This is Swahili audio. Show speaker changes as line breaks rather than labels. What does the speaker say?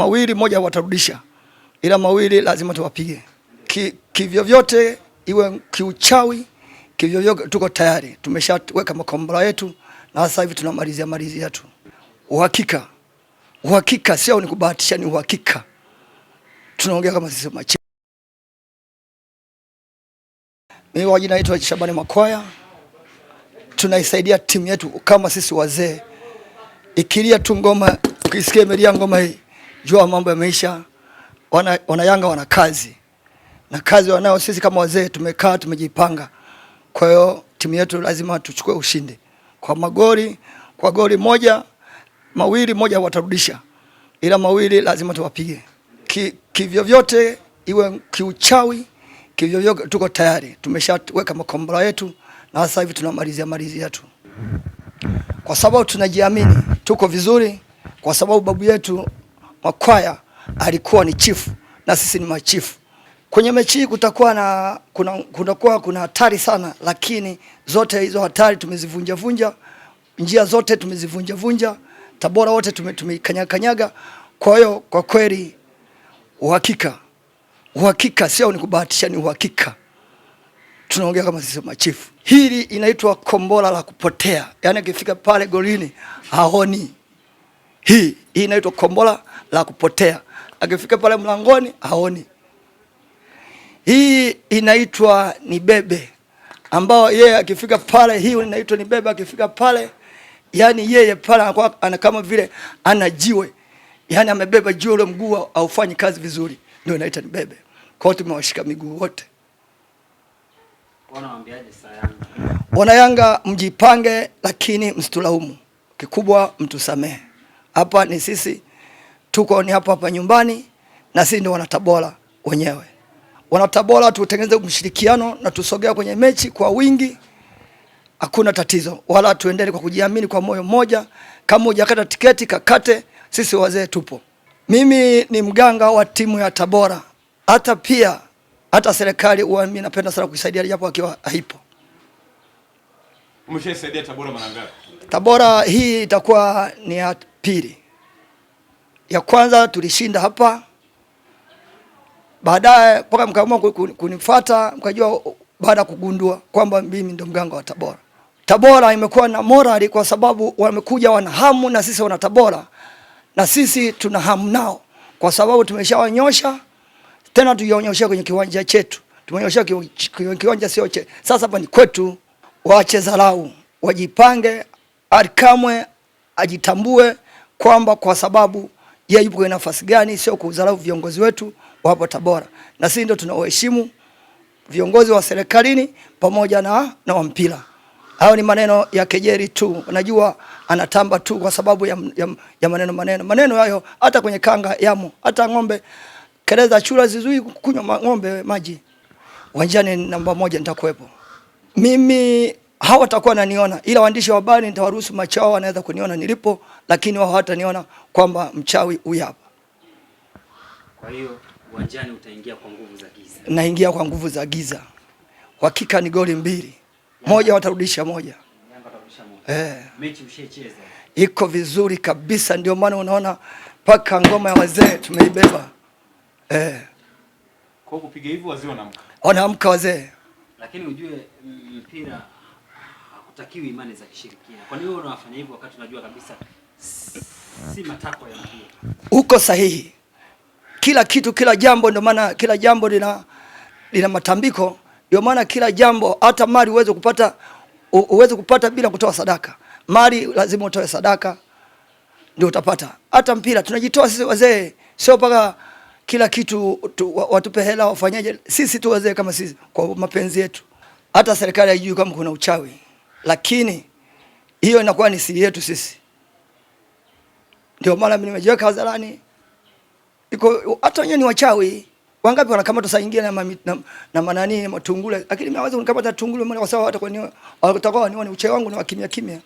mawili moja watarudisha, ila mawili lazima tuwapige ki, kivyo vyote iwe kiuchawi, kivyo vyote tuko tayari. Tumeshaweka makombora yetu na sasa hivi tunamalizia malizia tu. Uhakika, uhakika sio ni kubahatisha, ni uhakika. Tunaongea kama sisi machi. Mimi wajina naitwa Shabani Makwaya. Tunaisaidia timu yetu kama sisi wazee, ikilia tu ngoma, ukisikia imelia ngoma hii jua mambo yameisha. Wana, wana Yanga wana kazi na kazi wanao. Sisi kama wazee tumekaa tumejipanga, kwa hiyo timu yetu lazima tuchukue ushindi kwa magoli, kwa goli moja mawili, moja watarudisha, ila mawili lazima tuwapige ki, kivyovyote iwe kiuchawi, kivyovyote tuko tayari, tumeshaweka makombora yetu na sasa hivi tunamalizia malizia tu, kwa sababu tunajiamini, tuko vizuri, kwa sababu babu yetu Makwaya alikuwa ni chifu na sisi ni machifu. Kwenye mechi hii kutakuwa na kuna kunakuwa kuna hatari sana, lakini zote hizo hatari tumezivunja vunja, njia zote tumezivunja vunja, Tabora wote tumeikanyakanyaga kanyaga. Kwa hiyo kwa kweli uhakika uhakika, sio ni kubahatisha, ni uhakika. Tunaongea kama sisi machifu. Hili inaitwa kombora la kupotea, yaani akifika pale golini haoni hii hii inaitwa kombora la kupotea. Akifika pale mlangoni haoni. Hii inaitwa ni bebe, ambao yeye akifika pale, hii inaitwa ni bebe. Akifika pale, yani yeye pale anakuwa ana kama vile ana jiwe, yani amebeba jiwe, ule mguu haufanyi kazi vizuri, ndio inaitwa ni bebe. Kwa hiyo tumewashika miguu wote. wanayanga mjipange, lakini msitulaumu. Kikubwa mtusamehe hapa ni sisi tuko ni hapa hapa nyumbani, na sisi ndio wanatabora wenyewe. Wanatabora tutengeneze mshirikiano na tusogea kwenye mechi kwa wingi, hakuna tatizo, wala tuendelee kwa kujiamini kwa moyo mmoja. Kama hujakata tiketi kakate, sisi wazee tupo. Mimi ni mganga wa timu ya Tabora, hata pia hata serikali huwa mimi napenda sana kuisaidia japo akiwa haipo.
Umeshaisaidia Tabora mara ngapi?
Tabora hii itakuwa ni pili. Ya kwanza tulishinda hapa, baadaye mpaka mkaamua kunifuata, mkajua baada ya kugundua kwamba mimi ndo mganga wa Tabora. Tabora imekuwa na morali kwa sababu wamekuja wana hamu, na sisi wana Tabora na sisi tuna hamu nao, kwa sababu tumeshawanyosha tena, tuyaonyoshea kwenye kiwanja chetu, tumeonyoshea kwenye kiwanja sio che. Sasa hapa ni kwetu, waache dharau, wajipange, Alikamwe ajitambue kwamba kwa sababu yeye yupo kwenye nafasi gani, sio kudharau viongozi wetu wapo Tabora, na sisi ndio tunaoheshimu viongozi wa serikalini pamoja na, na wa mpira. Hayo ni maneno ya kejeli tu, najua anatamba tu kwa sababu ya, ya, ya maneno maneno maneno hayo, hata kwenye kanga yamo, hata ng'ombe keleza chura zizui kunywa ng'ombe maji uwanjani namba moja nitakuwepo mimi hawatakuwa wananiona, ila waandishi wa habari nitawaruhusu macho wanaweza kuniona nilipo, lakini wao hawataniona kwamba mchawi huyu hapa.
Kwa hiyo uwanjani utaingia kwa nguvu za giza.
Naingia kwa nguvu za giza, hakika ni goli mbili, moja watarudisha moja, eh.
Mechi mshacheza
iko vizuri kabisa, ndio maana unaona mpaka ngoma ya wazee tumeibeba eh.
Kwa kupiga hivyo wazee wanaamka,
wanaamka wazee,
lakini ujue mpira hatutakiwi imani za kishirikina. Kwa nini unawafanya hivyo wakati unajua kabisa si matakwa ya Mungu?
Uko sahihi, kila kitu, kila jambo. Ndio maana kila jambo lina lina matambiko. Ndio maana kila jambo, hata mali uweze kupata uweze kupata bila kutoa sadaka. Mali lazima utoe sadaka ndio utapata. Hata mpira tunajitoa sisi wazee, sio mpaka kila kitu tu, watupe hela wafanyaje? Sisi tu wazee kama sisi, kwa mapenzi yetu. Hata serikali haijui kama kuna uchawi lakini hiyo inakuwa ni siri yetu sisi. Ndio maana mimi nimejiweka hadharani, iko hata wenyewe ni wachawi wangapi wanakamata saa nyingine na manani na, na manani matungule, lakini mimi naweza kunikamata tungule, maana kwa sababu hata kwa ni watakuwa ni uchawi wangu wa kimya kimya